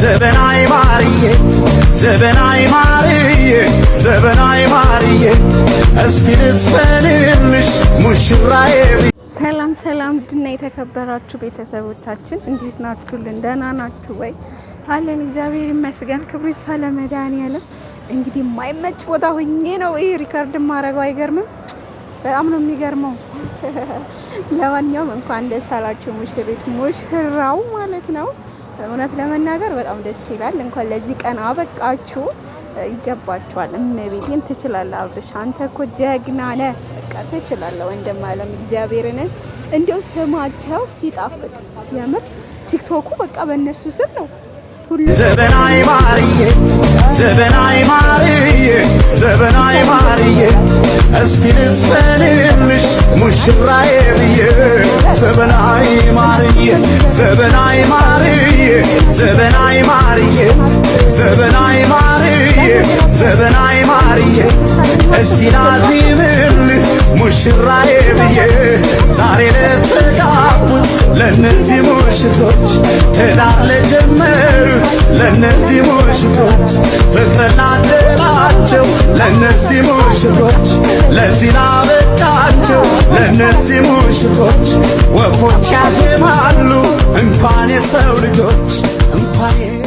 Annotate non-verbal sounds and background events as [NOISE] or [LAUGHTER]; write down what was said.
ዘበናይ ማርዬ ዘበናይ ማርዬ ዘበናይ ማርዬ እስቲ ልጽፈንልሽ ሙሽራዬ። ሰላም ሰላም፣ ድና የተከበራችሁ ቤተሰቦቻችን እንዴት ናችሁልን? ደህና ናችሁ ወይ? አለን እግዚአብሔር ይመስገን። ክብሩ ይስፋ ለመድኃኒዓለም። እንግዲህ የማይመች ቦታ ሆኜ ነው ይህ ሪከርድ ማድረገው። አይገርምም? በጣም ነው የሚገርመው። [LAUGHS] ለማንኛውም እንኳን ደስ አላችሁ ሙሽሪት ሙሽራው ማለት ነው። እውነት ለመናገር በጣም ደስ ይላል። እንኳን ለዚህ ቀን አበቃችሁ። ይገባችኋል። እመቤቴን ትችላለህ። አብርሽ አንተ እኮ ጀግና ነህ። በቃ ትችላለህ ወንድም አለም እግዚአብሔርን እንዲያው ስማቸው ሲጣፍጥ የምር ቲክቶኩ በቃ በእነሱ ስም ነው። ዘበናይ ማርዬ ዘበናይ ማርዬ ዘበናይ ማርዬ እስቲ ልስፈንልሽ ሙሽራዬ ብዬ ዘበናይ ማርዬ ዘበናይ ማርዬ ዘበናይ ማርዬ ዘበናይ ማርዬ ዘበናይ ማርዬ እስቲ ላዚምልህ ሙሽራዬ ብዬ ዛሬ ለተጋቡት ለነዚህ ሙሽሮች ትዳር ለጀመሩት ለነዚህ ሙሽሮች ፍቅር ለነዚህ ለእነዚህ ሙሽሮች ለዚህ ላበቃቸው ለእነዚህ ሙሽሮች Holy Ghost and